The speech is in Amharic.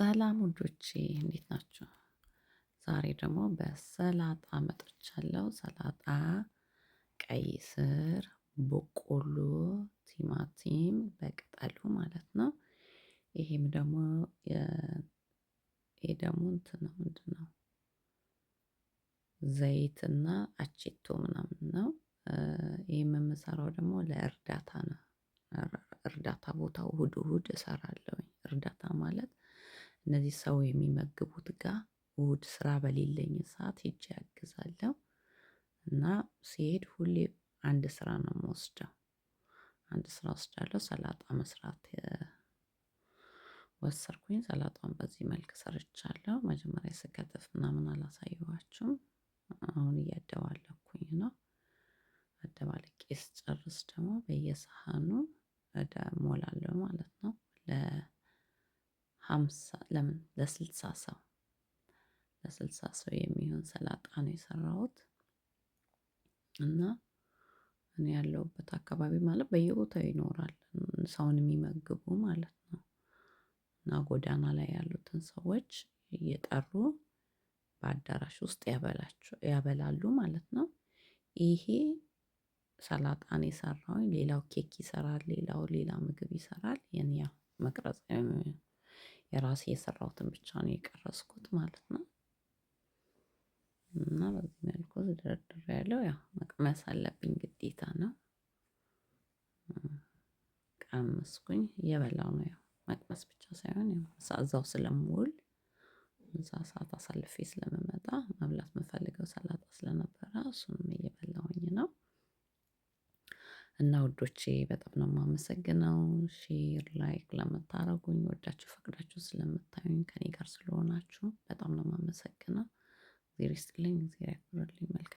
ሰላም ውዶቼ እንዴት ናችሁ? ዛሬ ደግሞ በሰላጣ መጥቻለሁ። ሰላጣ፣ ቀይ ስር፣ በቆሎ፣ ቲማቲም በቅጠሉ ማለት ነው። ይሄም ደግሞ ይሄ ደግሞ እንትን ነው ምንድን ነው ዘይትና አቼቶ ምናምን ነው። ይህም የምሰራው ደግሞ ለእርዳታ ነው። እርዳታ ቦታው እሁድ እሁድ እሰራለሁ። እርዳታ ማለት እነዚህ ሰው የሚመግቡት ጋር ውድ ስራ በሌለኝ ሰዓት ሄጄ ያግዛለሁ እና ሲሄድ ሁሌ አንድ ስራ ነው የምወስደው። አንድ ስራ ወስዳለሁ። ሰላጣ መስራት ወሰድኩኝ። ሰላጣውን በዚህ መልክ ሰርቻለሁ። መጀመሪያ ስከትፍ ምናምን አላሳየኋችሁም። አሁን እያደባለኩኝ ነው። አደባልቄ ስጨርስ ደግሞ በየሳህኑ እሞላለሁ ማለት ነው። ሀምሳ ለምን ለስልሳ ሰው ለስልሳ ሰው የሚሆን ሰላጣ ነው የሰራሁት እና እኔ ያለሁበት አካባቢ ማለት በየቦታው ይኖራል ሰውን የሚመግቡ ማለት ነው። እና ጎዳና ላይ ያሉትን ሰዎች እየጠሩ በአዳራሽ ውስጥ ያበላሉ ማለት ነው። ይሄ ሰላጣን የሰራሁኝ ሌላው ኬክ ይሰራል ሌላው ሌላ ምግብ ይሰራል የኔ ያው መቅረጽ የራሴ የሰራሁትን ብቻ ነው የቀረስኩት ማለት ነው። እና በዚህ መልኩ ድርድር ያለው ያው መቅመስ አለብኝ ግዴታ ነው። ቀመስኩኝ እየበላው ነው ያው መቅመስ ብቻ ሳይሆን እዛው ስለምውል እዛ ሰዓት አሳልፌ ስለምመጣ መብላት የምፈልገው ሰላጣ ስለነበረ እሱን እና ውዶቼ በጣም ነው የማመሰግነው ሼር ላይክ ለምታደርጉኝ ወዳችሁ ፈቅዳችሁ ስለምታዩኝ ከኔ ጋር ስለሆናችሁ በጣም ነው የማመሰግነው። እግዜር ይስጥልኝ። እግዜር ያክብርልኝ።